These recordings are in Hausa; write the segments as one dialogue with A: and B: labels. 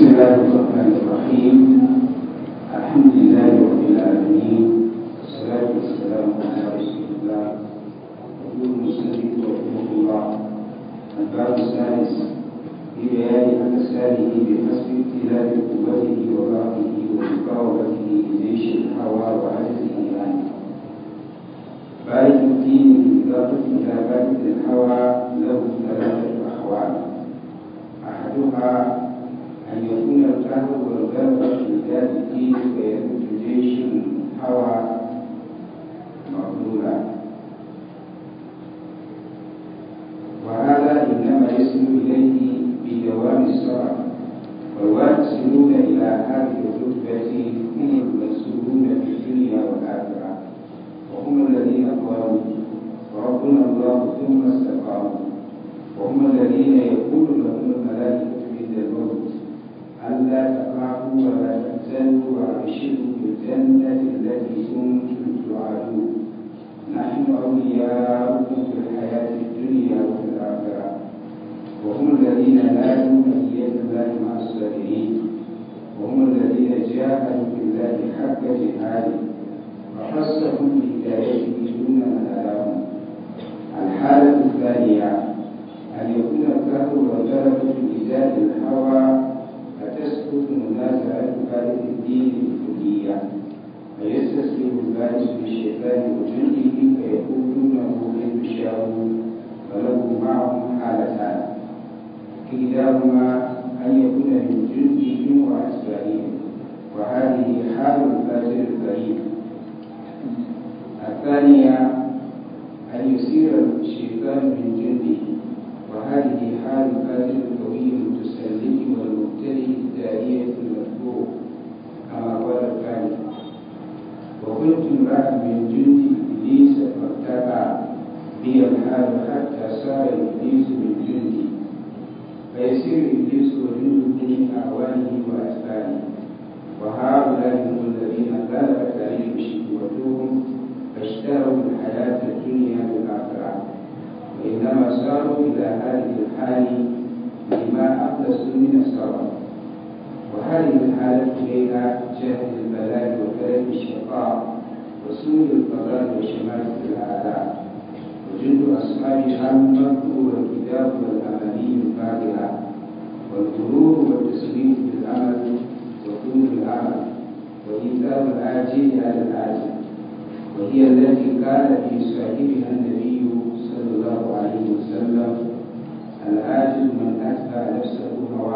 A: بسم الله الرحمن الرحيم الحمد لله رب العالمين والصلاة والسلام على رسول الله يقول المسلم رحمه الله الباب السادس في بيان أمثاله بحسب امتلاك قوته وضعفه ومقاومته لجيش الهوى وعجزه عنه بارك الدين بإضافة إلى بارك الهوى له ثلاثة أحوال أحدها أن يكون الفهم والغلبة في ذات الدين فيكون جيش هوى مغلولا وهذا إنما يصل إليه بدوام الصلاة والواصلون إلى هذه الرتبة هم يستسلم الناس عن مخالف الدين بالكلية فيستسلم الناس بالشيطان وجنده فيقولونه للشاغوت فله معهم حالتان كلاهما أن يكون من جندهم وأسبابهم وهذه حال الفاجر البريء الثانية أن يسير الشيطان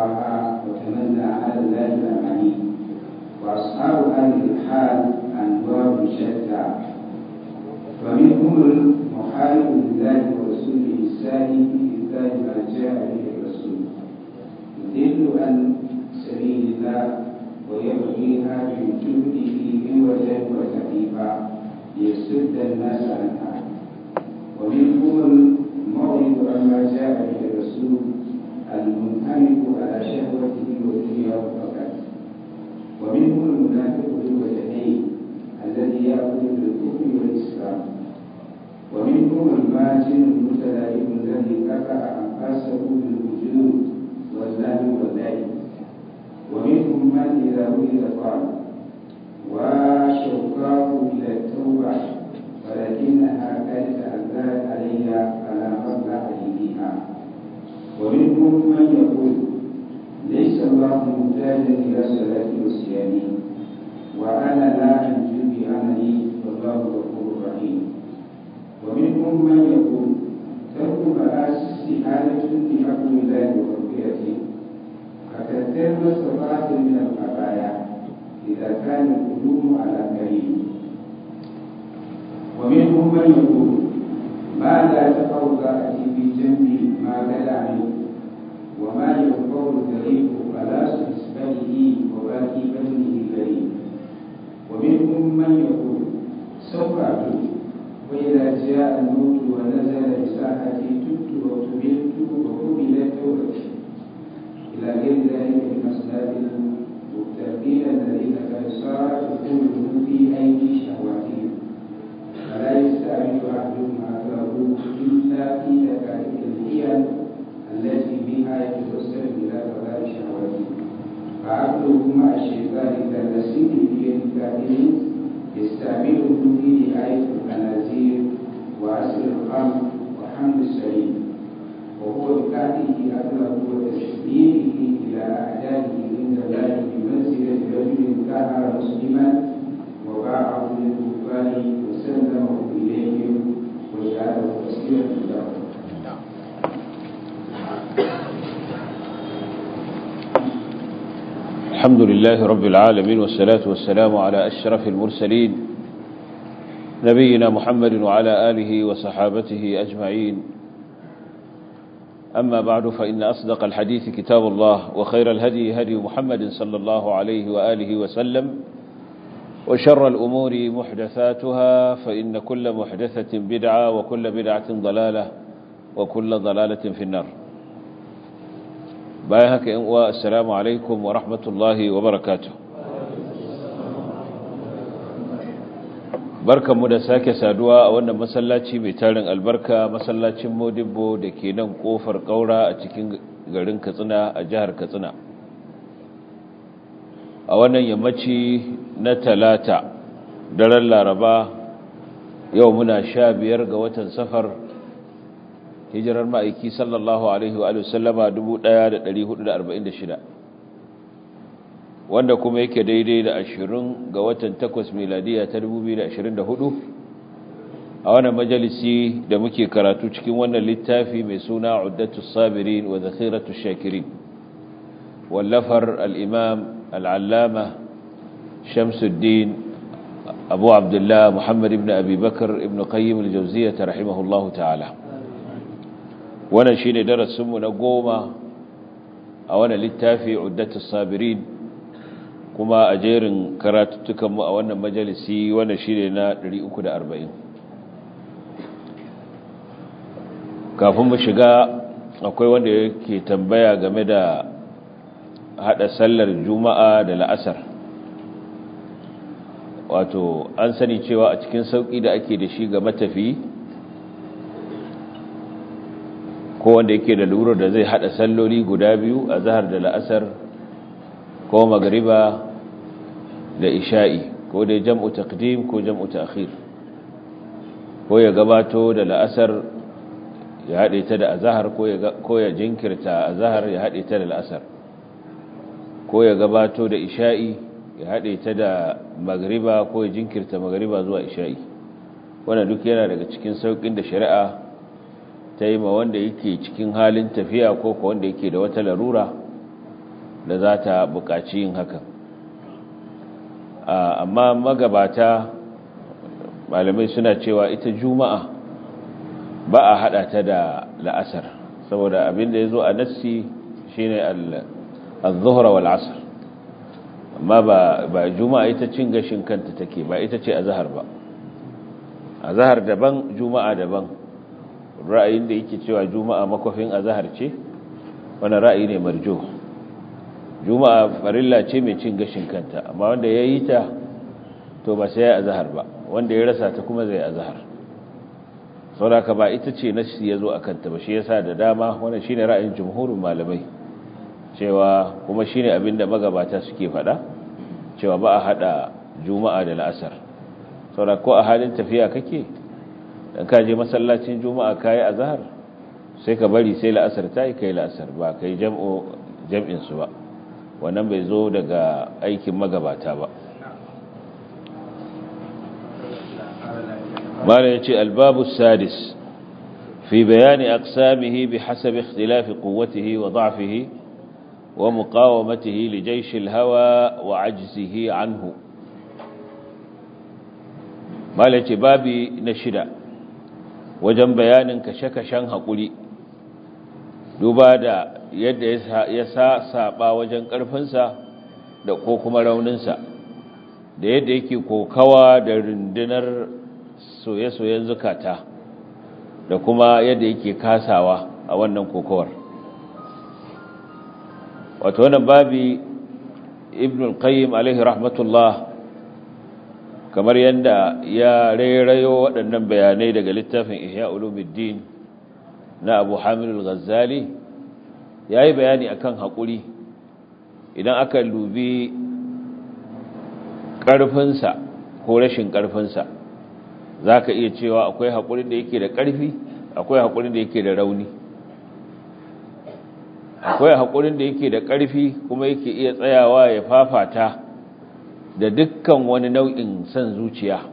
A: وتوقعها وتمنى على الله الأماني وأصحاب هذه الحال أنواع شتى فمنهم المحارب لله ورسوله السالي بإثبات ما جاء به الرسول يدل عن سبيل الله ويبغيها بوجوده عوجا وتكليفا ليسد الناس عن Absolutely. الغريب فلا نسبته وباقي بنه ومنهم من يقول سوف أتوب وإذا جاء الموت ونزل لساحتي تبت لله
B: رب العالمين والصلاة والسلام على أشرف المرسلين نبينا محمد وعلى آله وصحابته أجمعين أما بعد فإن أصدق الحديث كتاب الله وخير الهدي هدي محمد صلى الله عليه وآله وسلم وشر الأمور محدثاتها فإن كل محدثة بدعة وكل بدعة ضلالة وكل ضلالة في النار bayan haka yan uwa assalamu alaikum wa rahmatullahi wa barakatuh barkanmu da sake saduwa a wannan masallaci mai tarin albarka masallacin modibbo da ke nan kofar kaura a cikin garin katsina a jihar katsina a wannan yammaci na talata daren laraba yau muna sha biyar ga watan safar hijirar ma'aiki sallallahu alaihi wa sallama 1446 wanda kuma yake daidai da 20 ga watan 8 miladiya ta 2024 a wannan majalisi da muke karatu cikin wannan littafi mai suna uddatu sabirin wa shakirin wallafar al-imam al shamsuddin abu Abdullahi muhammad ibn abi bakr ibn qayyim al-jawziyya rahimahullahu ta'ala wannan shine darasinmu na goma a wannan littafi uddatu sabirin kuma a jerin karatuttukanmu a wannan majalisi wannan shine na 340 kafin mu shiga akwai wanda yake tambaya game da hada sallar juma'a da la'asar wato an sani cewa a cikin sauki da ake da shi ga matafi ko wanda yake da lura da zai hada salloli guda biyu a zahar da la'asar ko magriba da isha'i ko dai jam'u taqdim ko jam'u ta'khir ko ya gabato da la'asar ya hade ta da azhar ko ya ko ya jinkirta azhar ya hade ta da la'asar ko ya gabato da isha'i ya hade ta da magriba ko ya jinkirta magriba zuwa isha'i wannan duk yana daga cikin saukin da shari'a ta yi ma wanda yake cikin halin tafiya ko ko wanda yake da wata larura da za ta buƙaci yin hakan amma magabata malamai suna cewa ita juma'a ba a haɗa ta da la'asar saboda abin da ya zo a nassi shine al-zuhra wal asr amma ba juma'a ita cin gashin kanta take ba ita ce azhar ba azhar daban juma'a daban ra'ayin da yake cewa juma'a makwafin azahar ce wani ra'ayi ne marjo juma'a farilla ce mai cin gashin kanta amma wanda ya yi ta to ba sai ya azahar ba wanda ya rasa ta kuma zai azahar sauraka ba ita ce na ya zo a kanta ba shi ya sa da dama wannan shine ra'ayin jumhurin malamai cewa kuma shine ne abin da magabata suke faɗa cewa ba a haɗa juma'a da la'asar sauraka ko a halin tafiya kake dan ka je masallacin juma'a a zahar? sai ka bari sai la'asar ka kai la'asar ba kai jam'o jam'in su ba wannan bai zo daga aikin magabata ba mala yace albabu sadis fi bayani aqsamihi hasabi ikhtilafi ƙuwatihi wa da'fihi wa muqawamatihi li jaysh hawa wa 'ajzihi anhu mala yace babi na shida wajen bayanin kashe-kashen haƙuri duba da yadda ya sa saba wajen ƙarfinsa da ko kuma rauninsa da yadda yake kokawa da rundunar soye-soyen zukata da kuma yadda yake kasawa a wannan kokowar wato wannan babi ibn al-qayyim alaihi rahmatullah kamar yadda ya rairayo waɗannan bayanai daga littafin ihya ulumuddin na abu hamilu ghazali ya yi bayani a kan haƙuri idan aka lubi ƙarfinsa ko rashin ƙarfinsa za ka iya cewa akwai haƙurin da yake da ƙarfi akwai haƙurin da yake da rauni akwai haƙurin da yake da ƙarfi kuma yake iya tsayawa ya fafata da dukkan wani nau'in son zuciya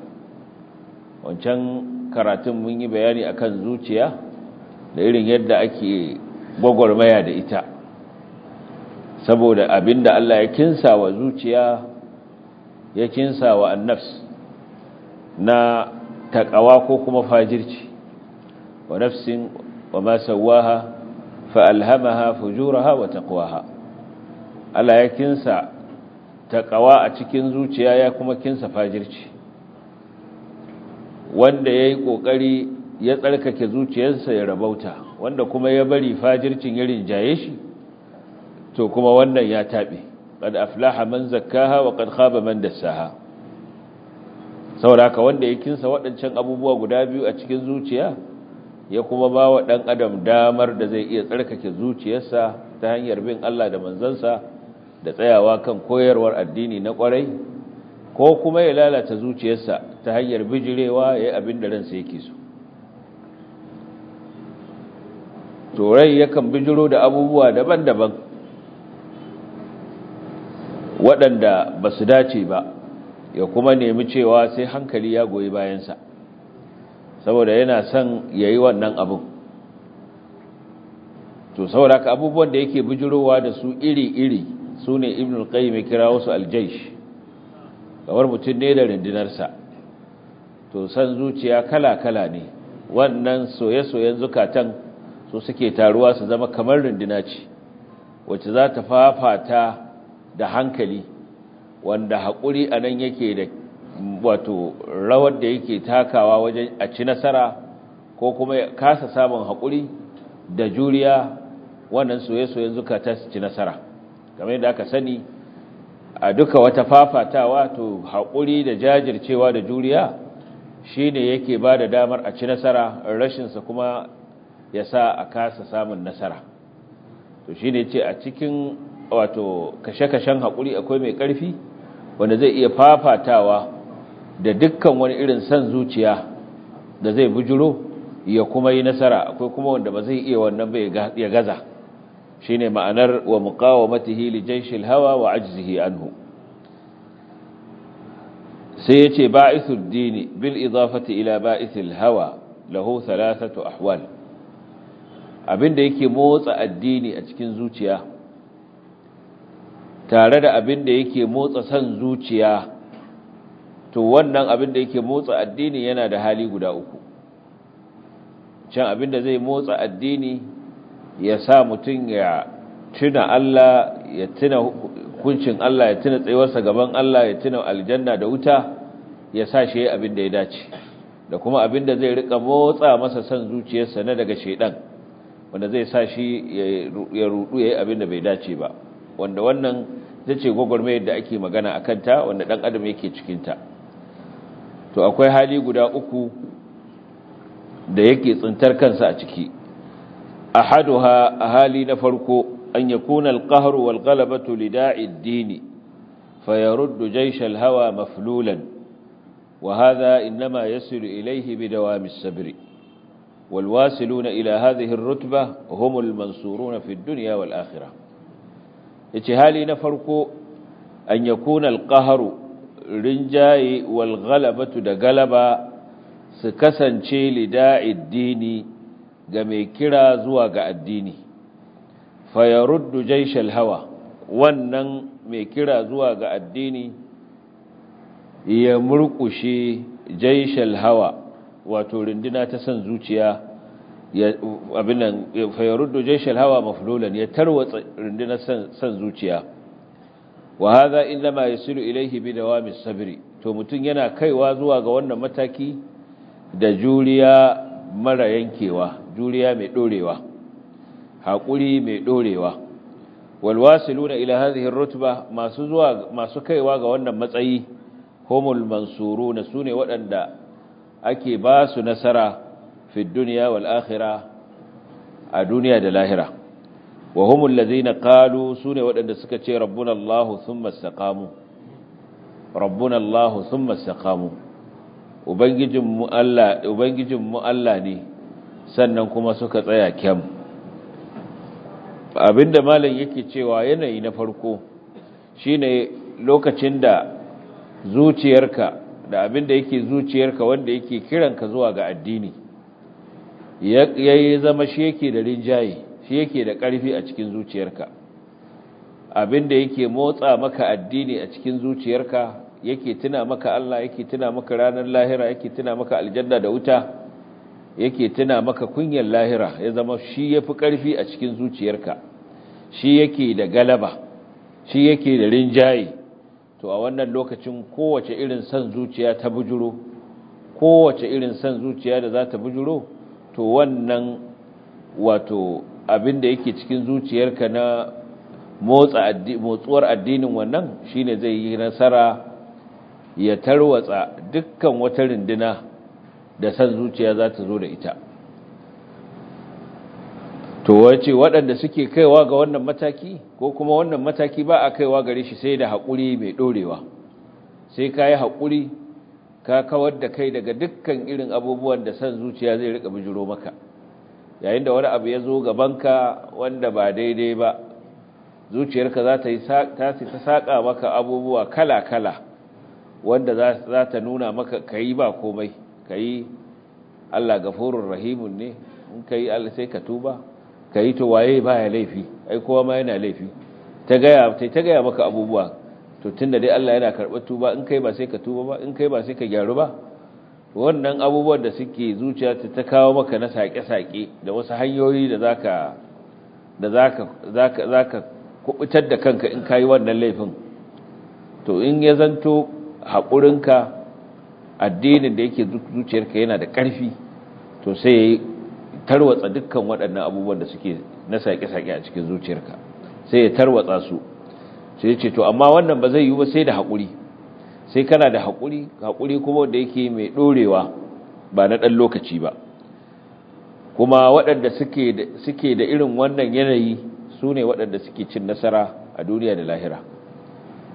B: wancan karatun mun yi bayani akan zuciya da irin yadda ake gwagwarmaya da ita saboda abinda Allah ya kinsa wa zuciya ya kinsa wa annafs na takawa ko kuma fajirci wa nafsin wa masauwa fa alhamaha fujuraha wa taqwaha Allah ya kinsa ƙawa a cikin zuciya ya kuma kinsa fajirci wanda yayi ƙoƙari ya tsarkake zuciyarsa ya rabauta wanda kuma ya bari fajircin ya rinjaye shi to kuma wannan ya tabe qad aflaha man zakkaha wa qad khaba man dassaha saboda ka wanda ya kinsa waɗancan abubuwa guda biyu a cikin zuciya ya kuma ba wa ɗan adam damar da zai iya tsarkake zuciyarsa ta hanyar bin Allah da manzansa da tsayawa kan koyarwar addini na kwarai ko kuma ya lalata zuciyarsa ta hanyar bijirewa ya yi abin da ransa yake so turai yakan bijiro da abubuwa daban-daban waɗanda ba su dace ba ya kuma nemi cewa sai hankali ya goyi bayansa saboda yana son ya yi wannan abun. to saboda ka abubuwan da yake bijirowa da su iri-iri su ne ibn al qayy mai kira wasu aljaish kamar mutum ne da rindinarsa to san zuciya kala-kala ne wannan soye-soyen zukatan su suke taruwa su zama kamar rindina ce wacce za ta fafata da hankali wanda haƙuri a nan yake da wato rawar da yake takawa wajen a ci nasara ko kuma kasa samun hakuri da juriya wannan soye-soyen zukata su ci nasara kamar yadda aka sani a duka wata fafatawa to haƙuri da jajircewa da juriya shine yake ba da damar a ci nasara rashinsa kuma ya sa a kasa samun nasara to shi ne ce a cikin wato kashe-kashen haƙuri akwai mai ƙarfi wanda zai iya fafatawa da dukkan wani irin son zuciya da zai bujuro ya kuma yi nasara akwai kuma wanda ba zai iya wannan bai ya gaza shine ma'anar wa muqawamatihi li jayshil hawa wa ajzihi anhu sai yace ba'ithud dini bil idafati ila ba'ithil hawa lahu thalathatu ahwal abinda yake motsa addini a cikin zuciya tare da abinda yake motsa san zuciya to wannan abinda yake motsa addini yana da hali guda uku can abinda zai motsa addini ya sa mutum ya tuna Allah ya tuna kuncin Allah ya tuna tsayuwarsa gaban Allah ya tuna aljanna da wuta ya sa shi abin da ya dace da kuma abin da zai rika motsa masa san zuciyarsa na daga shedan wanda zai sa shi ya rudu yi abin da bai dace ba wanda wannan ce gwagwarmayar da ake magana a kanta, wanda ɗan adam yake cikin ta to akwai hali guda uku da yake tsintar kansa a ciki A a hali na farko an yakuna alqahru wal ghalabatu lida'i ad-din fayaruddu jaysh hawa maflulan wa hadha inma yasilu ilayhi bidawami as-sabr والواصلون إلى هذه الرتبة هم المنصورون hali na farko, إتهالي نفرق أن يكون القهر rinjaye walgalabatu da galaba su kasance lida'id Iddini. ga mai kira zuwa ga addini fayaruddu jaishal hawa wannan mai kira zuwa ga addini ya murkushe jaishal hawa wato rinduna ta san zuciya abinan fayaruddu jaishal hawa maflulan ya tarwatsa Rinduna san zuciya wa hadha inma yasilu ilaihi bi dawami sabri to mutum yana kaiwa zuwa ga wannan mataki da juriya mara yankewa juriya mai dorewa haƙuri mai dorewa walwasilu ila hadhihi rutba masu masu kaiwa ga wannan matsayi humul mansuruna sune waɗanda ake ba su nasara fi dunya a duniya da lahira wa humul kalu qalu sune waɗanda suka ce rabbuna allah thumma istaqamu rabbuna ubangijin mu Allah ne sannan kuma suka tsaya kyam abinda malam yake cewa yanayi na farko shine lokacin da zuciyarka da abinda yake zuciyarka wanda yake kiranka zuwa ga addini yi zama shi yake da rinjaye shi yake da ƙarfi a cikin zuciyarka abinda yake motsa maka addini a cikin zuciyarka yake tuna maka Allah yake tuna maka ranar lahira yake tuna maka aljanna da wuta yake tuna maka kunyar lahira ya zama shi ya fi ƙarfi a cikin zuciyarka shi yake da galaba shi yake da rinjaye to a wannan lokacin kowace irin son zuciya ta bujuro kowace irin son zuciya da za ta bujuro to wannan wato abin da yake cikin zuciyarka na motsuwar addinin wannan shine zai yi nasara ya tarwatsa dukkan wata rindina da san zuciya za ta zo da ita to wace waɗanda suke kaiwa ga wannan mataki ko kuma wannan mataki ba a kaiwa gare shi sai da haƙuri mai ɗorewa sai ka yi haƙuri ka kawar da kai daga dukkan irin abubuwan da san zuciya zai riƙa bijiro maka yayin da wani abu ya zo gabanka wanda ba daidai ba zuciyarka za ta yi ta saƙa maka abubuwa kala-kala wanda za ta nuna maka ka yi ba komai ka yi Allah gafurun rahimun ne in ka yi Allah sai ka tuba ka yi to waye baya laifi ai kowa ma yana laifi ta gaya ta maka abubuwa to tunda dai Allah yana karɓar tuba in kai ba sai ka tuba ba in kai ba sai ka gyaru ba wannan abubuwan da suke zuciya ta ta kawo maka na saƙe-saƙe da wasu hanyoyi da zaka da zaka da kanka in kai wannan laifin to in ya zanto haƙurinka addinin da yake zuciyarka yana da ƙarfi to sai ya tarwatsa dukkan waɗannan abubuwan da suke na saƙe-saƙe a cikin zuciyarka sai ya tarwatsa su sai ce to amma wannan ba zai yi ba sai da haƙuri sai kana da haƙuri haƙuri kuma wanda yake mai ɗorewa ba na ɗan lokaci ba kuma waɗanda suke da irin wannan yanayi su ne waɗanda suke cin nasara a duniya da lahira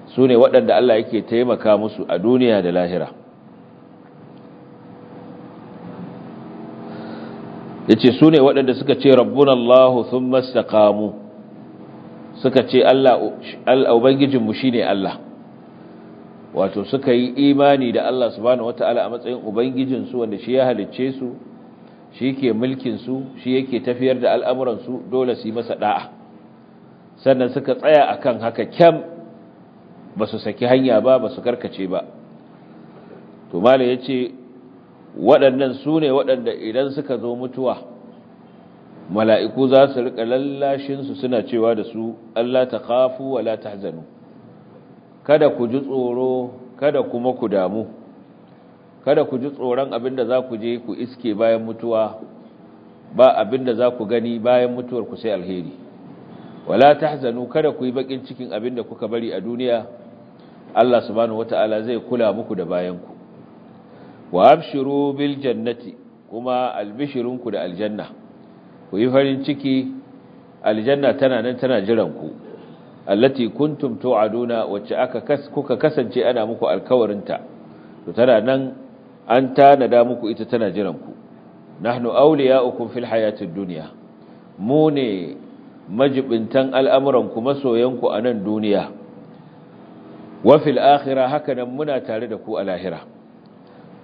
B: su ne waɗanda Allah yake taimaka musu a duniya da lahira yace su ne waɗanda suka ce rabbuna Allah thumma istaqamu suka ce Allah ubangijin mu shine Allah wato suka yi imani da Allah su subhanahu ta'ala a matsayin ubangijin su wanda shi ya halicce su shi ke mulkin su shi yake tafiyar da al'amuran su dole su yi masa ɗa'a sannan suka tsaya akan haka kyam ba su saki hanya ba ba su karkace ba to Malam yace waɗannan su ne waɗanda idan suka zo mutuwa mala'iku za su riƙa lallashinsu suna cewa da su Allah ta kafu wa la ta hazanu kada ku ji tsoro kada kuma ku damu kada ku ji tsoron abin da za ku je ku iske bayan mutuwa ba abin da za ku gani bayan mutuwar ku sai alheri wala tahzanu kada ku yi bakin cikin abin da kuka bari a duniya Allah subhanahu wataala zai kula muku da bayanku. wa abshiru bil jannati kuma albishirinku da aljanna ku yi farin ciki aljanna tana nan tana jiran ku allati kuntum tu'aduna wacce aka kuka kasance ana muku alkawarin ta. to tana nan an tanada muku ita tana jiran ku nahnu awliya'ukum fil hayatid dunya mu ne majibintan al'amuran ku masoyan ku a nan duniya wa fil akhirah haka nan muna tare da ku a lahira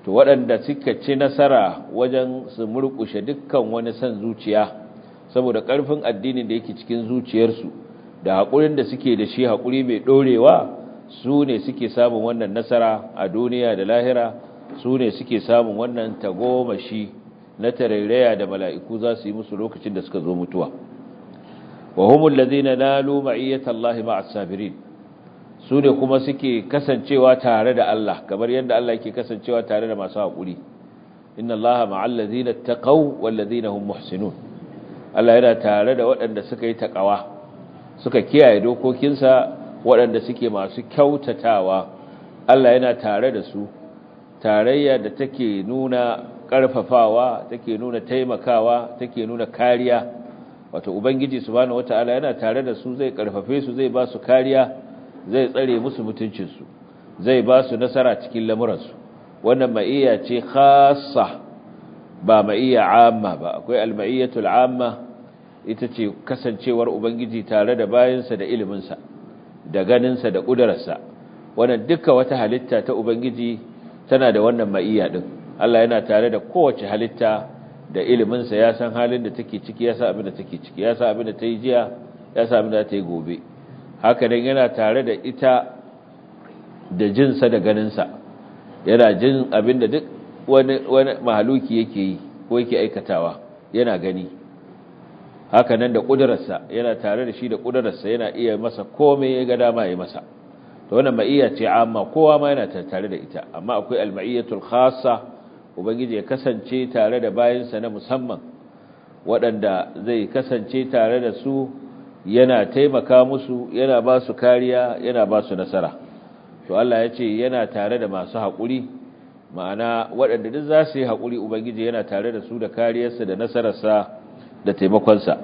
B: to waɗanda suka ci nasara wajen su murƙushe dukkan wani san zuciya saboda ƙarfin addinin da yake cikin zuciyarsu da haƙurin da suke da shi haƙuri mai ɗorewa su ne suke samun wannan nasara a duniya da lahira su ne suke samun wannan tagomashi na tarairaya da mala'iku za su yi musu lokacin da suka zo mutuwa wa humul na nalu ma'iyyatallahi sabirin su ne kuma suke kasancewa tare da Allah kamar yadda Allah yake kasancewa tare da masu haƙuri inna Allah ma'al ladina taqaw wal ladina hum muhsinun Allah yana tare da waɗanda suka yi taqawa suka kiyaye dokokinsa waɗanda suke masu kyautatawa Allah yana tare da su tarayya da take nuna ƙarfafawa take nuna taimakawa take nuna kariya wato ubangiji subhanahu wataala yana tare da su zai ƙarfafe su zai ba su kariya zai tsare musu mutuncinsu zai ba su nasara cikin lamuransu wannan ma'iyya ce khassa ba ma'iyya amma ba akwai alma'iyyatul amma ita ce kasancewar ubangiji tare da bayansa da iliminsa da ganinsa da ƙudurarsa wannan duka wata halitta ta ubangiji tana da wannan ma'iyya din Allah yana tare da kowace halitta da iliminsa ya san halin da take ciki ya sa abin da take ciki ya sa abin da ta yi jiya ya sa abin da ta yi gobe haka nan yana tare da ita da jinsa da ganinsa yana jin abin da duk wani mahaluki yake yi ko yake aikatawa yana gani haka nan da ƙudurarsa yana tare da shi da ƙudurarsa yana iya masa komai ya ga dama ya masa to wannan ma'iyya ce amma kowa ma yana tare da ita amma akwai al-ma'iyyatul khassa ubangiji ya kasance tare da bayansa na musamman waɗanda zai kasance tare da su yana taimaka musu yana ba su kariya yana ba su nasara to Allah ya ce yana tare da masu haƙuri ma'ana waɗanda duk za su yi haƙuri ubangiji yana tare da su da kariyarsa da nasararsa da taimakonsa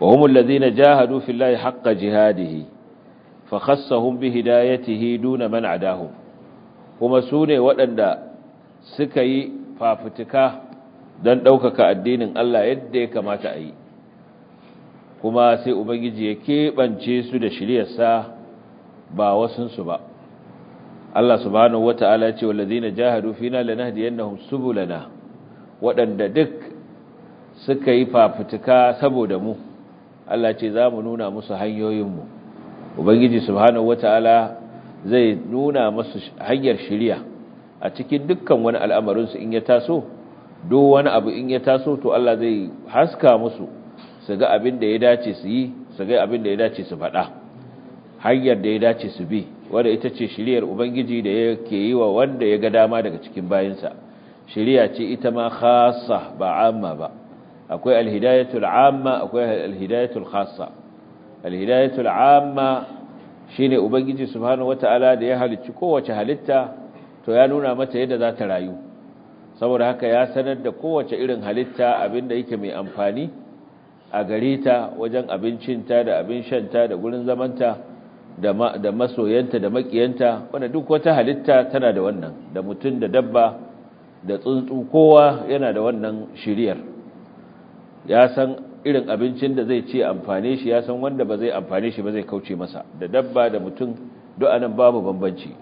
B: wa humul ladhina jahadu fillahi haqqo jihadihi fa khassahum bi hidayatihi duna man adahu. kuma su ne waɗanda suka yi fafutuka don ɗaukaka addinin Allah yadda ya kamata a yi kuma sai ubangiji ya keɓance su da shiryarsa ba wasunsu ba Allah subhanahu wata'ala ce ladina jahadu fina lanahdiyannahum subulana waɗanda duk suka yi fafutuka saboda mu Allah ce za mu nuna musu hanyoyinmu ubangiji subhanahu wata'ala zai nuna musu hanyar shirya a cikin dukkan wani al'amarinsu in ya taso duk wani abu in ya taso to Allah zai haska musu su ga abin da ya dace su yi su ga abin da ya dace su faɗa hanyar da ya dace su bi wadda ita ce shiriyar ubangiji da ke yi wa wanda ya ga dama daga cikin bayansa shiriya ce ita ma khassa ba amma ba akwai alhidayatul amma akwai alhidayatul khassa alhidayatul amma shine ubangiji subhanahu wataala da ya halicci kowace halitta to ya nuna mata yadda za ta rayu saboda haka ya sanar da kowace irin halitta abinda yake mai amfani a gare ta wajen abincinta da abin shanta da gurin zamanta da masoyanta da makiyanta wanda duk wata halitta tana da wannan da mutum da dabba da tsuntsu kowa yana da wannan shiriyar ya san irin abincin da zai ce amfane shi ya san wanda ba zai amfane shi ba zai kauce masa da dabba da mutum duk anan babu bambanci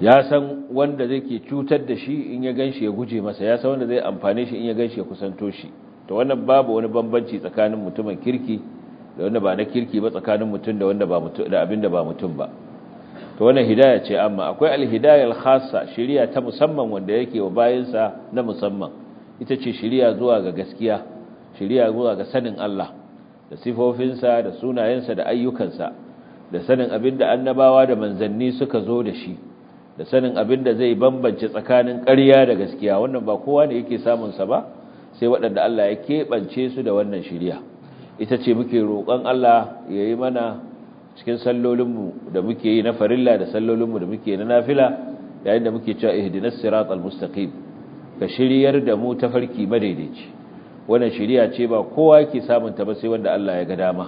B: ya san wanda zai ke cutar da shi in ya gan shi ya guje masa ya san wanda zai amfane shi in ya gan shi ya kusanto shi to wannan babu wani bambanci tsakanin mutumin kirki da wanda ba na kirki ba tsakanin mutum da wanda ba mutum abin da ba mutum ba to wannan hidaya ce amma akwai alhidayar khassa shirya ta musamman wanda yake wa bayansa na musamman ita ce shirya zuwa ga gaskiya shirya zuwa ga sanin Allah da sifofinsa da sunayensa da ayyukansa da sanin abin da annabawa da manzanni suka zo da shi da sanin abin da zai bambance tsakanin ƙarya da gaskiya wannan ba kowa ne yake samun sa ba sai waɗanda Allah ya keɓance su da wannan shirya ita ce muke roƙon Allah ya yi mana cikin sallolinmu da muke yi na farilla da sallolinmu da muke na nafila yayin da muke cewa ihdinas siratal mustaqim ka shiryar da mu ta farki madaidaici wannan shiriya ce ba kowa yake samun ta ba sai wanda Allah ya ga dama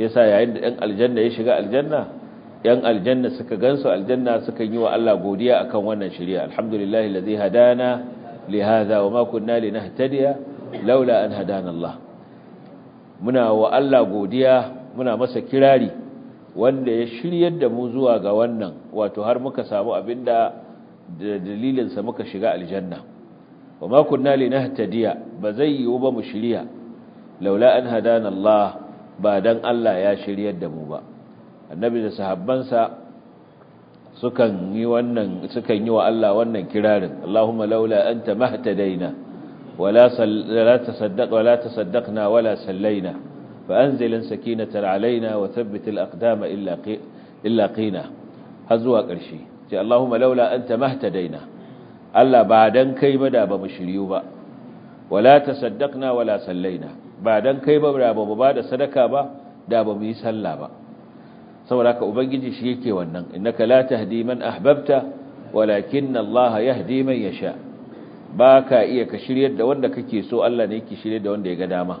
B: shi yasa yayin da ɗan aljanna ya shiga aljanna ɗan aljanna suka gansu aljanna suka yi wa Allah godiya akan wannan shiriya alhamdulillahi ladzi hadana لهذا وما كنا لنهتدي لولا أن هدانا الله muna wa Allah godiya muna masa kirari wanda ya shiryar da mu zuwa ga wannan wato har muka samu abinda da dalilinsa muka shiga aljanna wa ma kunna linahtadiya ba zai yiwu ba mu shirya laula an hadana Allah ba dan Allah ya shiryar da mu ba annabi da sahabbansa sukan yi wa Allah wannan kirarin Allahumma laula anta mahtadaina wala la tasaddaq wala tasaddaqna wala sallaina fa anzil sakinatan alaina wa thabbit alaqdama illa illa qina har zuwa ƙarshe ce Allahumma laula anta mahtadaina Allah ba dan kai ba da ba mu shiryu ba wala tasaddaqna wala sallaina ba dan kai ba da ba ba da sadaka ba da ba mu yi sallah ba saboda haka ubangiji shi yake wannan innaka la tahdi man ahbabta walakin Allah yahdi man yasha baka iya ka shiryar da wanda kake so Allah ne yake shiryar da wanda ya ga dama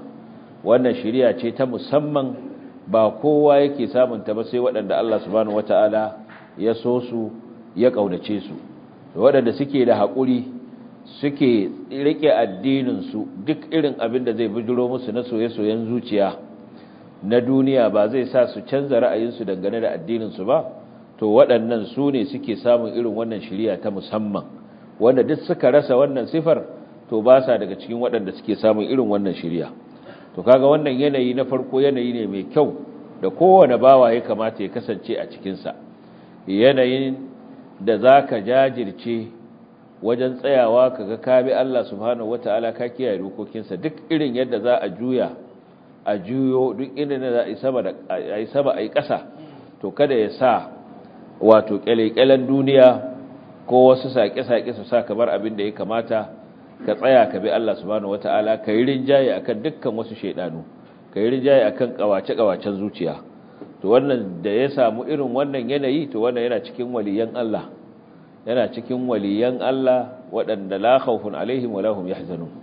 B: wannan shiriya ce ta musamman ba kowa yake samun ta ba sai waɗanda Allah subhanahu wataala ya so su ya kaunace su waɗanda suke da haƙuri suke rike addinin su duk irin abin da zai bujiro musu na soye-soyen zuciya na duniya ba zai sa su canza ra'ayinsu dangane da addininsu ba to waɗannan su ne suke samun irin wannan shiriya ta musamman wanda duk suka rasa wannan sifar to ba sa daga cikin waɗanda suke samun irin wannan shiriya to kaga wannan yanayi na farko yanayi ne mai kyau da kowane bawa ya kamata ya kasance a cikinsa yanayin da za ka jajirce wajen tsayawa ka ga kabi Allah subhanahu wata'ala ka kiyaye dokokinsa duk irin yadda za a juya a juyo duk inda za a yi sama a yi ƙasa to kada ya sa wato ƙyalƙyalan duniya ko wasu saƙe-saƙe su sa kamar abin da ya kamata ka tsaya ka bi Allah subhanahu wata'ala ka yi rinjaye kan dukkan wasu shaidanu ka yi rinjaye kan kawace-kawacen zuciya to wannan da ya samu irin wannan yanayi to wannan yana cikin waliyan Allah yana cikin waliyan Allah waɗanda la khawfun alaihim wa lahum yahzanun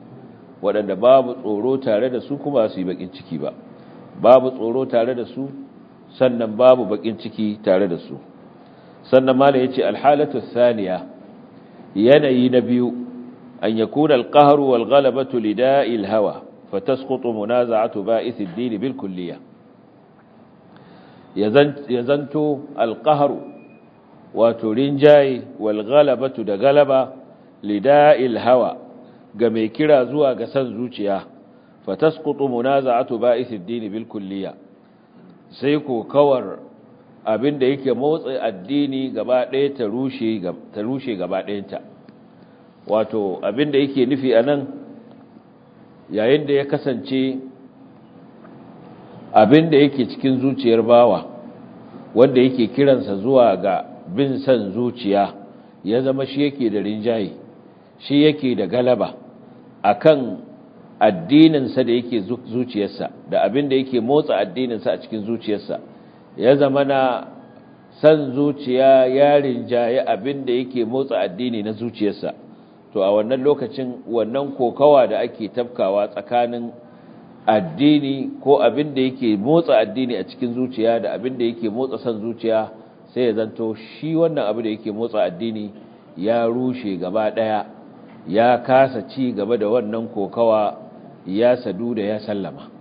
B: waɗanda babu tsoro tare da su kuma su yi bakin ciki ba babu tsoro tare da su sannan babu bakin ciki tare da su sannan mala ce alhalatu Saniya yanayi na biyu an yakuna alqahru wal ghalabatu lida'i alhawa fatasqutu munaza'atu ba'ith ad dini bil Ya zanto alqahru wato rinjaye Walgalaba da galaba lida'il hawa ga mai kira zuwa ga san zuciya fa tasqutu munaza'atu ba'isid din bil kulliya sai ko kawar abin da yake motsa addini gaba ɗaya ta rushe ta rushe gaba ɗayanta wato abin da yake nufi anan yayin da ya kasance abin da yake cikin zuciyar bawa wanda yake kiransa zuwa ga bin san zuciya ya zama shi yake da rinjaye shi yake da galaba akan addininsa da yake zuciyarsa da abin da yake motsa addininsa a cikin zuciyarsa ya zama na san zuciya ya rinjaye abin da yake motsa addini na zuciyarsa to a wannan lokacin wannan kokawa da ake tafkawa tsakanin addini ko abin da yake motsa addini a cikin zuciya da abin da yake motsa san zuciya sai ya zanto shi wannan abu da yake motsa addini ya rushe gaba daya ya kasa ci gaba da wannan kokawa ya sadu da ya sallama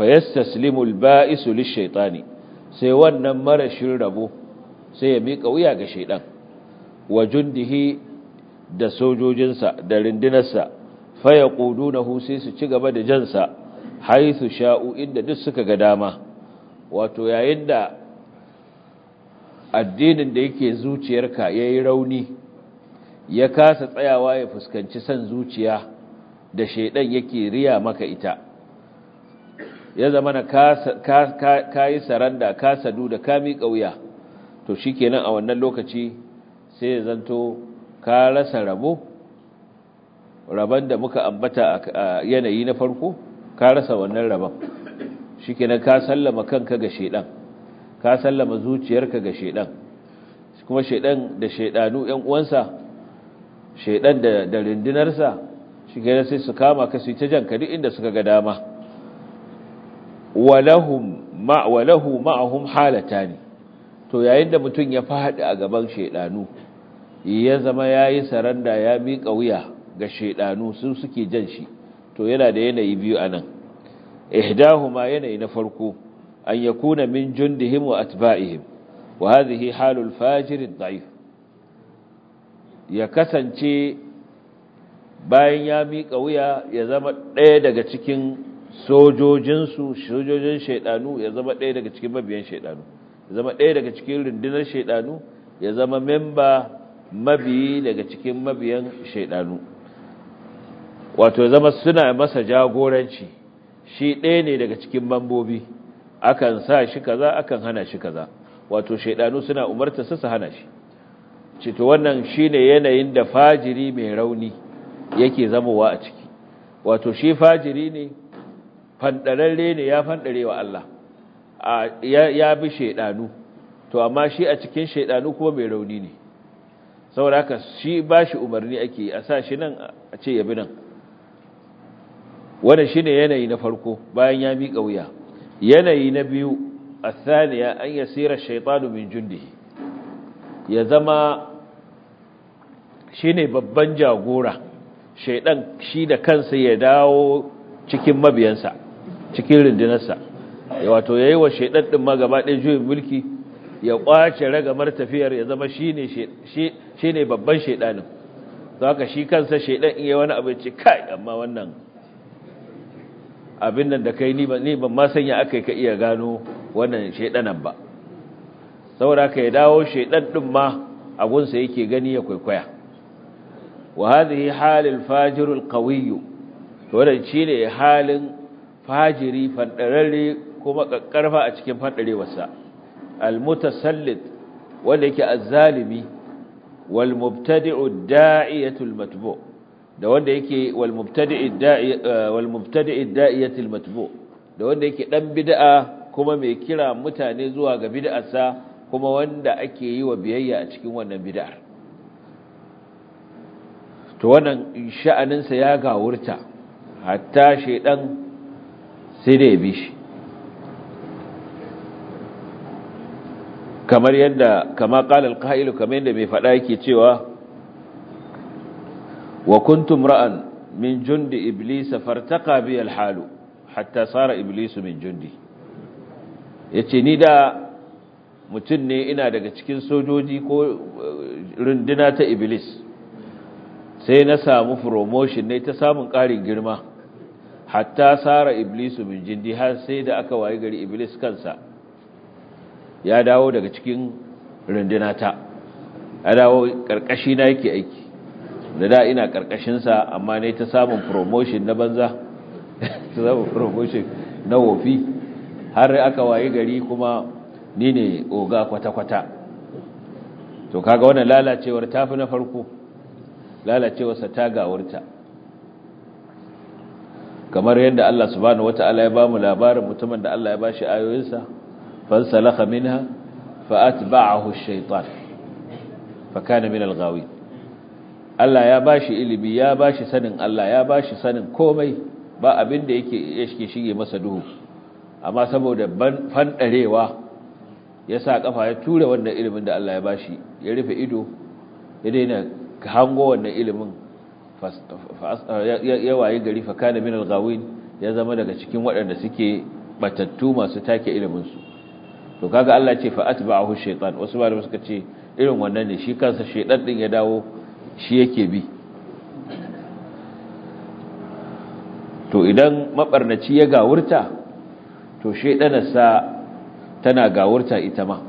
B: fayastaslimu alba'isu lishaitani sai wannan marashin rabo sai ya miƙa wuya ga shaidan. wa jundihi da sojojinsa da rindinarsa fayaqudunahu sai su ci gaba da jansa haythu sha'u inda duk suka ga dama wato yayin da addinin da yake zuciyarka yayi rauni ya kasa tsayawa ya fuskanci san zuciya da shaidan yake riya maka ita ya zama na kayi saranda ka sadu da ka miƙa wuya to shi a wannan lokaci sai ya zanto ka rasa rabo rabon da muka ambata a yanayi na farko ka rasa wannan rabon shi ka sallama kanka ga shaidan ka sallama zuciyarka ga shaidan kuma shaidan da shaidanu 'yan uwansa shaidan da rindinarsa shigar sai su kama ka su ta janka duk inda suka ga dama walahu ma'ahum halata ne to yayin da mutum ya faɗi a gaban shaidanu ya zama ya yi saranda ya miƙa wuya ga shaidanu su suke jan shi to yana da yanayi biyu a nan ihdahuma yanayi na farko an yakuna min jundihim wa atba'ihim wa hadhihi halul fajir daif ya kasance bayan ya miƙa wuya ya zama ɗaya daga cikin sojojinsu sojojin shaidanu ya zama ɗaya daga cikin mabiyan shaidanu ya zama ɗaya daga cikin rundunar shaidanu ya zama memba mabiyi daga cikin mabiyan shaidanu wato ya zama suna masa jagoranci shi ɗaya ne daga cikin mambobi akan sa shi kaza akan hana shi kaza wato shaidanu suna umarta su su hana shi cito wannan shine yanayin da fajiri mai rauni yake zamowa a ciki wato shi fajiri ne fandararre ne ya fandarewa Allah ya bi shaidanu to amma shi a cikin shaidanu kuma mai rauni ne saboda haka shi bashi umarni ake a sa shi nan a ce yabi nan wanda shine yanayi na farko bayan ya miƙa wuya yanayi na biyu a saniya an يسير الشيطان min jundihi ya zama shine babban jagora shaidan shi da kansa ya dawo cikin mabiyansa cikin rundunarsa ya wato yi wa shaidan din ma gaba ɗaya juyin mulki ya kwace ragamar tafiyar ya zama shine ne babban shaidanin ka shi kansa shaidan in wani abinci ya kai amma wannan abin nan da kai ni ban ma sanya yi ka iya gano wannan shaidanan ba saboda ka ya dawo shaidan din ma abunsa yake gani ya kwaikwaya wa hadhihi halil fajir al qawiy to wannan shine halin fajiri fadarare kuma kakkarfa a cikin fandarewarsa al mutasallit wanda yake azzalimi wal mubtadi'u da'iyatu al matbu da wanda yake wal mubtadi'u da'i eh, wal mubtadi'u da'iyatu al da wanda yake dan bid'a kuma mai kira mutane zuwa ga bid'arsa kuma wanda ake yi wa biyayya a cikin wannan bid'ar to wannan sha'aninsa ya gawurta hatta shaidan sai da bi shi kamar yadda kama qala al kamar yadda mai fada yake cewa wa kuntum ra'an min jundi iblis fartaqa bi halu hatta sara iblis min jundi yace ni da mutum ne ina daga cikin sojoji ko eh, runduna ta iblis sai na samu promotion ne ta samun ƙarin girma hatta tsara iblisu min jindi har sai da aka waye gari iblis kansa ya dawo daga cikin runduna ta ya dawo ƙarƙashi na yake aiki da da ina ƙarƙashinsa amma ne ta samun promotion na banza ta samun promotion na wofi har aka waye gari kuma ni ne oga kwata-kwata to kaga wannan lalacewar tafi na farko lalacewarsa ta gawarta kamar yadda Allah subhanahu wata'ala ya ba mu labarin mutumin da Allah ya bashi ayoyinsa fansalakha minha fa'atba'ahu ash-shaytan fa kana min al Allah ya bashi ilimi ya bashi sanin Allah ya bashi sanin komai ba abin da yake yake shige masa duhu amma saboda darewa. ya sa kafa ya ture wannan ilimin da Allah ya bashi ya rufe ido ya daina hango wannan ilimin ya waye gari fa kana min al-ghawin ya zama daga cikin waɗanda suke batattu masu take ilimin su to kaga Allah ya ce fa atba'ahu shaytan wasu ba suka ce irin wannan ne shi kansa shaytan din ya dawo shi yake bi to idan mabarnaci ya gawurta to sa tana gawurta ita ma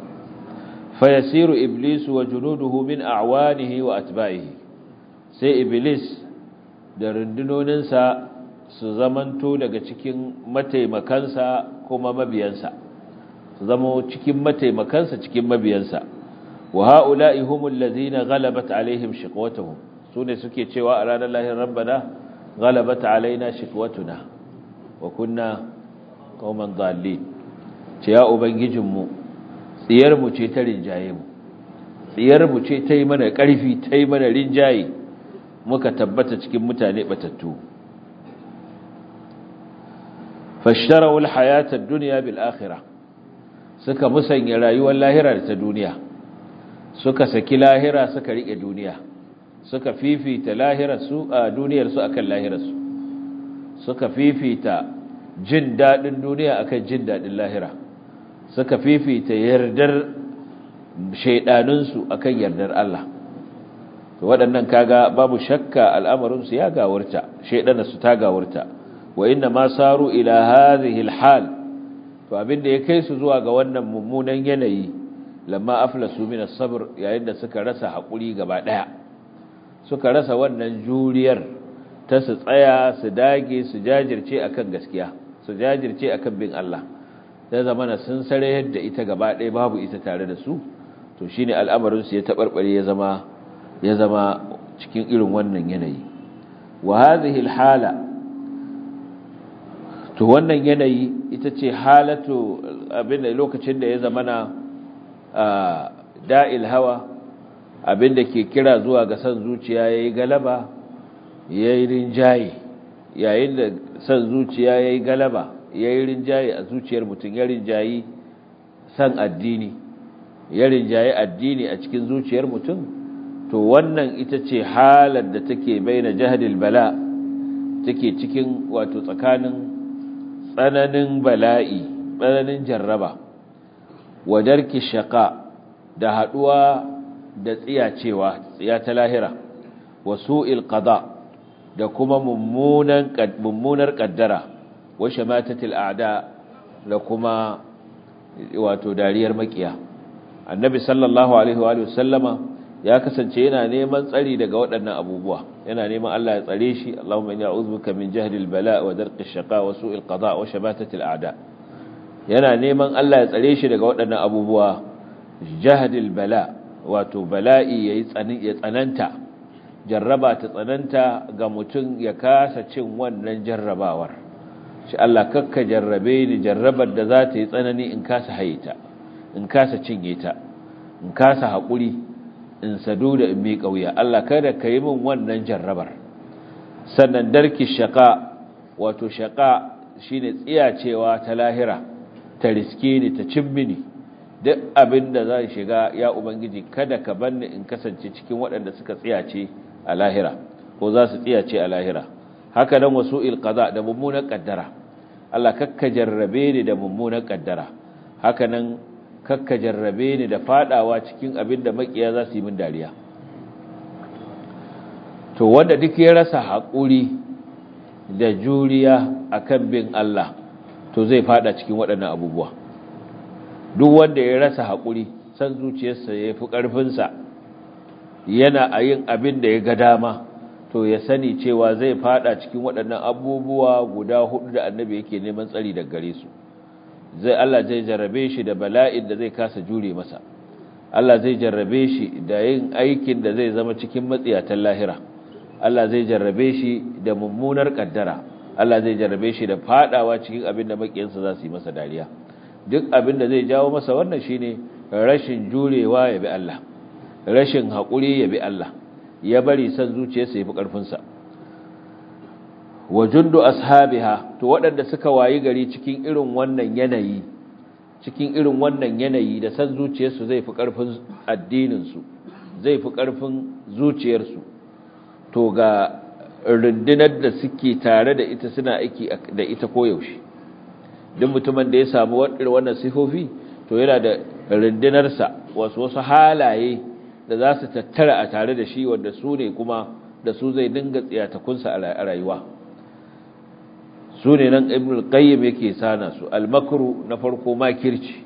B: fayasiru iblis wa junuduhu min a'wanihi wa atba'ihi sai iblis da rundunoninsa su zamanto daga cikin mataimakansa kuma mabiyansa su zama cikin mataimakansa cikin mabiyansa wa ha'ula'i humul ladina ghalabat alaihim shiqwatuhum sune suke cewa a ranar lahir rabbana ghalabat alaina shiqwatuna wa kunna qauman dhalin ce ya ubangijinmu tsiyarmu ce ta rinjaye mu tsiyarmu ce ta yi mana ƙarfi ta yi mana rinjaye muka tabbata cikin mutane batattu fashtarawul hayatar duniya bil suka musanya rayuwar lahira da ta duniya suka saki lahira suka rike duniya suka fifita lahirarsu a duniyarsu akan lahirarsu suka fifita jin daɗin duniya akan jin daɗin lahira suka fifita yardar shaidaninsu akan yardar Allah to waɗannan kaga babu shakka al'amarinsu ya gawarta shaidanarsu ta gawarta wa inna ma saru ila hadhihi alhal to abinda ya kai su zuwa ga wannan mummunan yanayi lamma aflasu min as-sabr yayin da suka rasa hakuri gaba daya suka rasa wannan juriyar ta su tsaya su dage su jajirce akan gaskiya su jajirce akan bin Allah ta zamana sun sare yadda ita gaba ɗaya babu ita tare da su to shi ne al'amarinsu ya taɓarɓare ya zama cikin irin wannan yanayi wa hadhihi hala. to wannan yanayi ita ce halatu abinda lokacin da ya zama na da'il hawa abinda ke kira zuwa ga san zuciya ya yi galaba ya yi rinjaye yayin da san zuciya ya yi galaba ya yi rinjaye a zuciyar mutum ya rinjaye san addini ya rinjaye addini a cikin zuciyar mutum to wannan ita ce halar da take baina jahadil bala take cikin wato tsakanin tsananin bala'i tsananin jarraba wadarki shaka da haduwa da tsiyacewa tsiya ta lahira wasu ilkada da kuma mummunar kaddara wa shamatatil a'da da kuma wato dariyar makiya annabi sallallahu alaihi wa sallama ya kasance yana neman tsari daga waɗannan abubuwa yana neman Allah ya tsare shi Allahumma inni a'udhuka min jahli al-bala wa darqi ash-shaqa wa su'i al-qada wa shamatati al-a'da yana neman Allah ya tsare shi daga waɗannan abubuwa jahli al-bala wato bala'i yayi tsanin ya tsananta jarraba ta tsananta ga mutum ya kasa cin wannan jarrabawar shi Allah kakka jarrabe ni jarrabar da za ta yi tsanani in kasa hayeta in kasa cinye ta in kasa haƙuri in sadu da in miƙa wuya Allah kada ka yi min wannan jarrabar sannan darki shaƙa wato shaƙa shine tsiyacewa ta lahira ta riske ni ta cin mini duk abin da za shiga ya ubangiji kada ka banni in kasance cikin waɗanda suka tsiyace a lahira ko za su tsiyace a lahira Hakanan nan wasu ilkaza da mummunan kaddara Allah kakka jarrabe ni da mummunan kaddara Hakanan nan kakka jarrabe ni da faɗawa cikin abin da makiya za su yi min dariya to wanda duk ya rasa haƙuri da juriya akan bin Allah to zai faɗa cikin waɗannan abubuwa duk wanda ya rasa haƙuri san zuciyarsa ya fi ƙarfinsa yana a yin abin da ya ga dama to ya sani cewa zai fada cikin waɗannan abubuwa guda hudu da annabi yake neman tsari da gare su zai Allah zai jarrabe shi da bala'in da zai kasa jure masa Allah zai jarrabe shi da yin aikin da zai zama cikin matsiyatan lahira Allah zai jarrabe shi da mummunar kaddara Allah zai jarrabe shi da fadawa cikin abin da makiyansa za su yi masa dariya duk abin da zai jawo masa wannan shine rashin jurewa ya bi Allah rashin haƙuri ya bi Allah ya bari san zuciyarsa ya fi ƙarfinsa wa jundu ashabiha to waɗanda suka wayi gari cikin irin wannan yanayi cikin irin wannan yanayi da san zuciyarsu zai fi ƙarfin addininsu zai fi ƙarfin zuciyarsu to ga rundunar da suke tare da ita suna aiki da ita koyaushe duk mutumin da ya samu wannan sifofi to yana da rundunarsa wasu wasu halaye da za su tattara a tare da shi wanda su ne kuma da su zai dinga tsiyatakunsa a rayuwa su ne nan ibn al-qayyim yake sana su al na farko makirci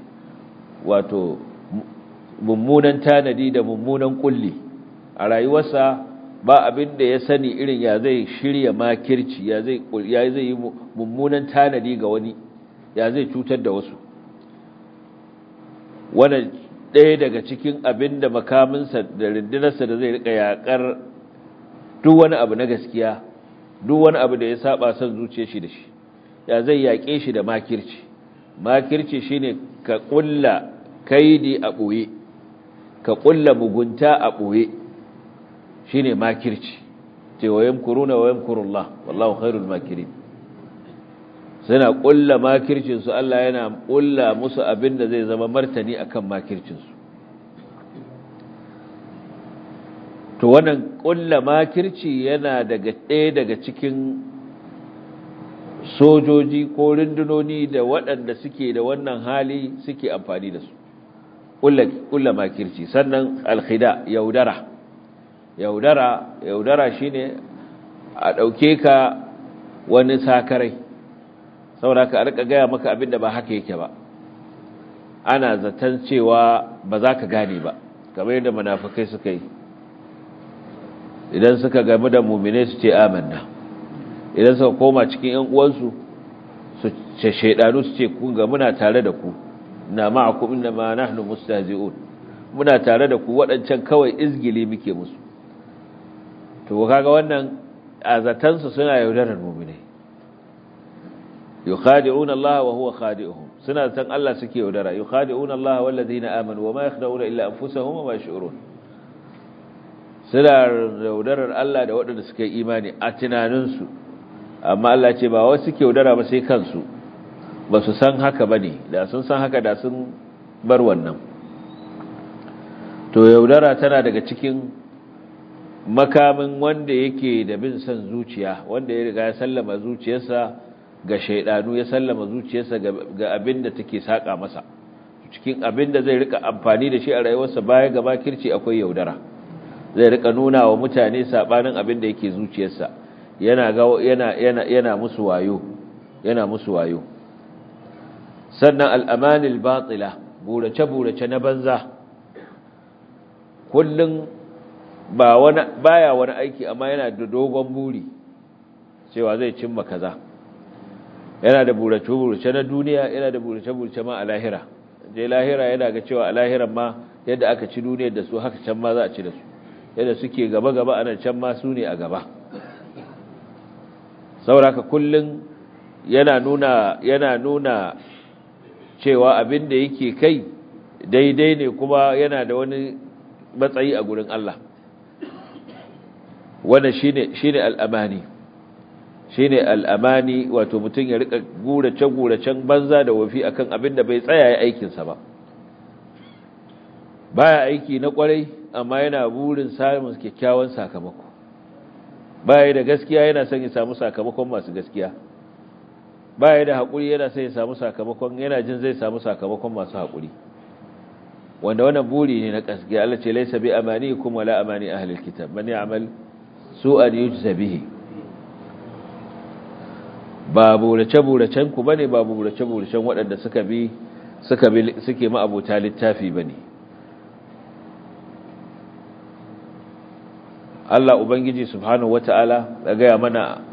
B: wato mummunan tanadi da mummunan kulli a rayuwarsa ba abin da ya sani irin ya zai shirya makirci ya zai ya zai yi mummunan tanadi ga wani ya zai cutar da wasu wannan ɗaya daga cikin abin da makaminsa da rindinarsa da zai riƙa yaƙar duk wani abu na gaskiya duk wani abu da ya saba son zuciya shi da shi ya zai yaƙe shi da makirci makirci shi ne ka ƙulla kaidi a ɓoye ka ƙulla mugunta a ɓoye shi ne makirci ce wayan kuruna wayan kurullah wallahu khairul makirin suna ƙulla makircinsu Allah yana ƙulla musu abin da zai zama martani a kan makircinsu to wannan ƙulla makirci yana daga ɗaya daga cikin sojoji ko rundunoni da waɗanda suke da wannan hali suke amfani da su ƙulla makirci sannan alkhida yaudara yaudara yaudara shine a ɗauke ka wani sakarai saboda ka rika gaya maka abin da ba haka yake ba ana zaton cewa ba za ka gane ba kamar yadda munafikai suka yi idan suka gamu da mumine su ce amanna idan suka koma cikin yan uwansu su ce shaidanu su ce kun ga muna tare da ku na ma'akum inna ma nahnu mustahzi'un muna tare da ku waɗancan kawai izgili muke musu to kaga wannan a zatansu suna yaudarar mumine
A: yukhadi'una
B: Allah wa huwa khadi'uhum suna san Allah suke yaudara yukhadi'una Allah wal ladina amanu wama yakhda'una illa anfusahum wa ma yash'urun suna yaudarar Allah da waɗanda suka yi imani a tunaninsu amma Allah ce ba wasu suke yaudara ba sai kansu ba su san haka ba ne da sun san haka da sun bar wannan to yaudara tana daga cikin makamin wanda yake da bin son zuciya wanda ya riga ya sallama zuciyarsa ga shaidanu ya sallama zuciyarsa ga abin da take saƙa masa cikin abin da zai rika amfani da shi a rayuwarsa baya gaba kirci akwai yaudara zai rika nuna wa mutane saɓanin abin da yake zuciyarsa yana musu wayo yana musu wayo sannan al'amanin batila burace burace na banza kullum ba wani baya wani aiki amma yana da dogon buri cewa zai cimma kaza yana da burace-burace na duniya yana da burace-burace ma a lahira je lahira yana ga cewa a lahiran ma yadda aka ci duniya da su haka can ma za a ci da su yadda suke gaba-gaba a nan can ma su ne a gaba sauraka kullum yana nuna yana nuna cewa abin da yake kai daidai ne kuma yana da wani matsayi a gurin Allah wannan shine shine al'amani shine al'amani wato mutum ya rika gurace guracen banza da wafi akan abin da bai tsaya ya aikin sa ba baya aiki na kwarai amma yana burin samun kyakkyawan sakamako baya da gaskiya yana son ya samu sakamakon masu gaskiya baya da hakuri yana son ya samu sakamakon yana jin zai samu sakamakon masu hakuri wanda wannan buri ne na gaskiya Allah ce laysa bi kuma wala amani ahli alkitab man ya'mal su'an yujza bihi ba burace-buracen ku bane ba burace-buracen waɗanda suka bi suka bi suke ma'abota littafi bane Allah ubangiji subhanahu wata'ala da gaya mana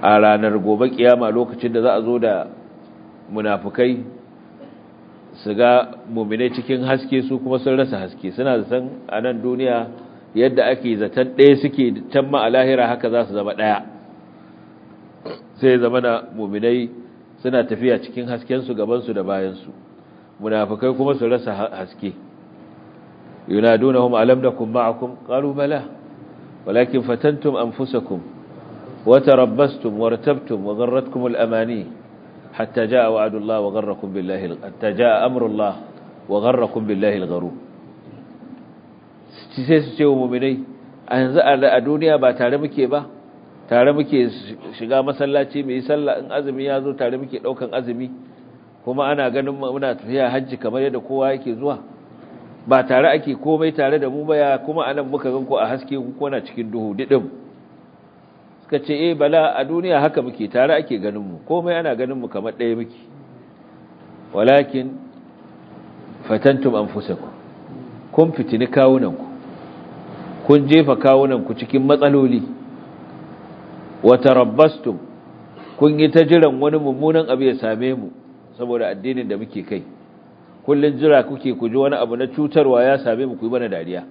B: a ranar gobe kiyama lokacin da za a zo da munafukai su ga muminai cikin haske su kuma sun rasa haske suna da san a nan duniya yadda ake zaton ɗaya suke can ma a lahira haka za su zama ɗaya sai zama na muminai suna tafiya cikin haskensu gabansu da bayansu munafikai kuma su rasa haske yunadunahum alam nakum ma'akum qalu bala walakin fatantum anfusakum wa tarabbastum wa gharratkum al-amani hatta jaa wa'du Allah wa gharrakum billahi hatta jaa amru Allah wa gharrakum billahi al-gharur sai su ce wa muminai a yanzu a duniya ba tare muke ba tare muke shiga masallaci mai sallah in azumi ya zo tare muke daukan azumi kuma ana ganin muna tafiya hajji kamar yadda kowa yake zuwa ba tare ake komai tare da mu ba ya kuma anan muka gan ku a haske ku kona cikin duhu didim suka ce eh bala a duniya haka muke tare ake ganin mu komai ana ganin mu kamar ɗaya muke walakin fatantum anfusakum kun fitini kawunanku kun jefa kawunanku cikin matsaloli Wata rabbastum kun yi ta jiran wani mummunan abu ya same mu saboda addinin da muke kai kullun jira kuke ku ji wani abu na cutarwa ya same mu ku yi mana dariya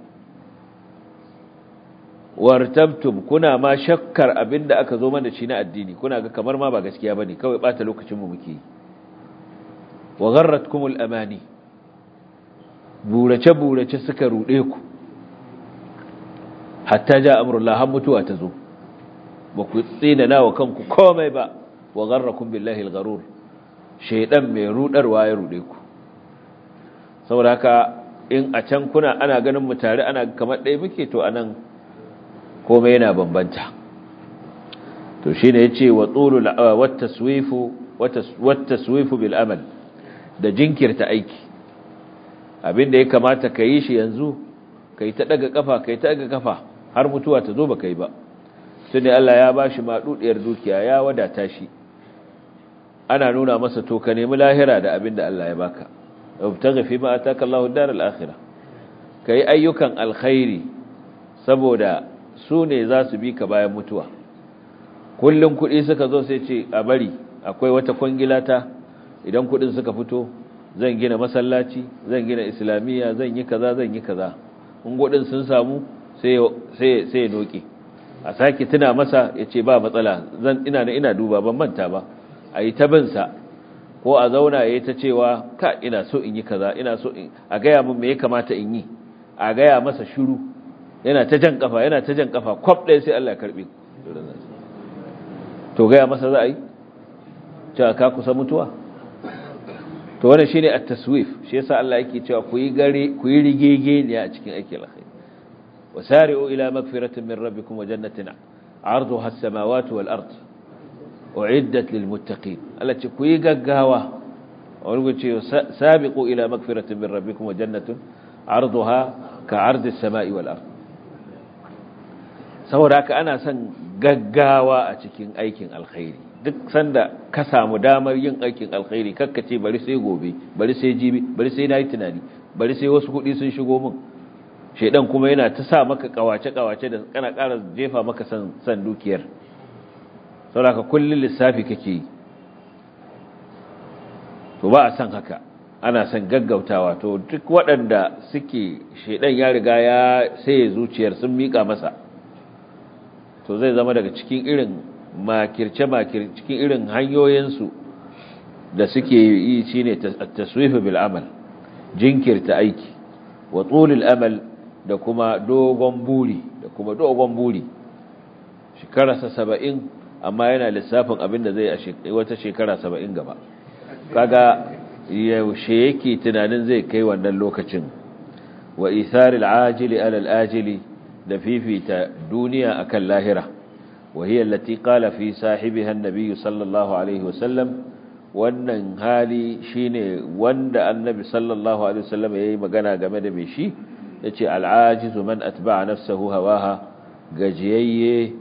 B: wartabtum kuna ma shakkar abin da aka zo mana shi na addini kuna ga kamar ma ba gaskiya bane kawai bata lokacin mu muke wa al amani burace burace suka rude ku hatta ja amrullah har mutuwa ta zo ba ku na wa kanku komai ba wa gharrakum billahi al-gharur shaydan mai rudarwa ya rude ku saboda haka in a can kuna ana ganin mu tare ana kamar dai muke to anan komai yana bambanta to shine yace wa tulu wa taswifu wa taswifu bil amal da jinkirta aiki abinda ya kamata ka shi yanzu kai ta daga kafa kai ta daga kafa har mutuwa ta zo ba kai ba tunda Allah ya ba shi maɗuɗiyar dukiya ya wadata shi ana nuna masa to ka nemi lahira da abin da Allah ya baka ubtaghi fi ma ataka lahudar daral ka yi ayyukan alkhairi saboda su ne za su bi ka bayan mutuwa kullum kuɗi suka zo sai ce a bari akwai wata kwangilata idan kuɗin suka fito zan gina masallaci zan gina islamiyya zan yi kaza zan yi kaza in gudun sun samu sai ya a sake tuna masa ya ce ba matsala zan ina na ina duba ban manta ba a yi ta binsa ko a zauna ya ta cewa ka ina so in yi kaza ina so in a gaya mun me ya kamata in yi a gaya masa shiru yana ta jan kafa yana ta jan kafa kwaf ɗaya sai Allah ya karɓi to gaya masa za a yi cewa ka kusa mutuwa to wannan shine at-taswif shi yasa Allah yake cewa ku yi gare ku yi rigegeniya a cikin aikin alkhairi وسارعوا إلى مغفرة من ربكم وجنة عرضها السماوات والأرض أعدت للمتقين التي كويقا قهوة سابقوا إلى مغفرة من ربكم وجنة عرضها كعرض السماء والأرض سوراك أنا سن gaggawa أتكين أيكين aikin duk sanda ka samu damar yin aikin alkhairi kakkace bari sai gobe bari sai jibi bari sai na yi tunani bari sai wasu kudi sun shigo min shaidan kuma yana ta sa maka kawace-kawace da kana ƙara jefa maka san dukiyar sauraka kullum lissafi kake yi to ba a san haka ana san gaggautawa to duk waɗanda suke shaidan ya riga ya saye zuciyar sun mika masa to zai zama daga cikin irin makirce-makirce cikin irin hanyoyinsu da suke yi shine taswifu bil amal jinkirta aiki wa tulul amal da kuma dogon buri da kuma dogon buri shekararsa saba'in amma yana lissafin abin da zai a wata shekara saba'in gaba kaga yaushe yake tunanin zai kai wannan lokacin wa itharil ajili alal ajili da fifita duniya akan lahira wa hiya allati qala fi sahibiha an-nabi sallallahu alaihi wannan hali shine wanda annabi sallallahu alaihi wasallam yayi magana game da mai shi yace al'ajizu man atba'a nafsahu hawaha gajiyayye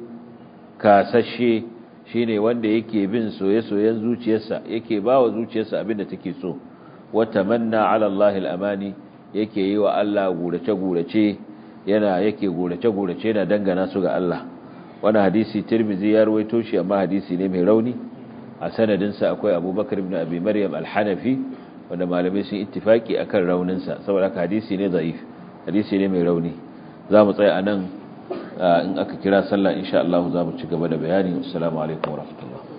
B: kasashe shi ne wanda yake bin soye-soyen zuciyarsa yake bawa zuciyarsa abin da take so wata manna 'ala al'amani yake yi wa Allah gurace-gurace yana yake gurace-gurace yana dangana su ga Allah wani hadisi tirmizi ya ruwaito shi amma hadisi ne mai rauni a sanadinsa akwai abubakar ibn abi maryam alhanafi wanda malamai sun ittifaki akan rauninsa saboda haka hadisi ne za'ifi hadisi ne mai rauni za mu tsaya a nan in aka kira sallah insha Allah za mu ci gaba da bayani assalamu alaikum wa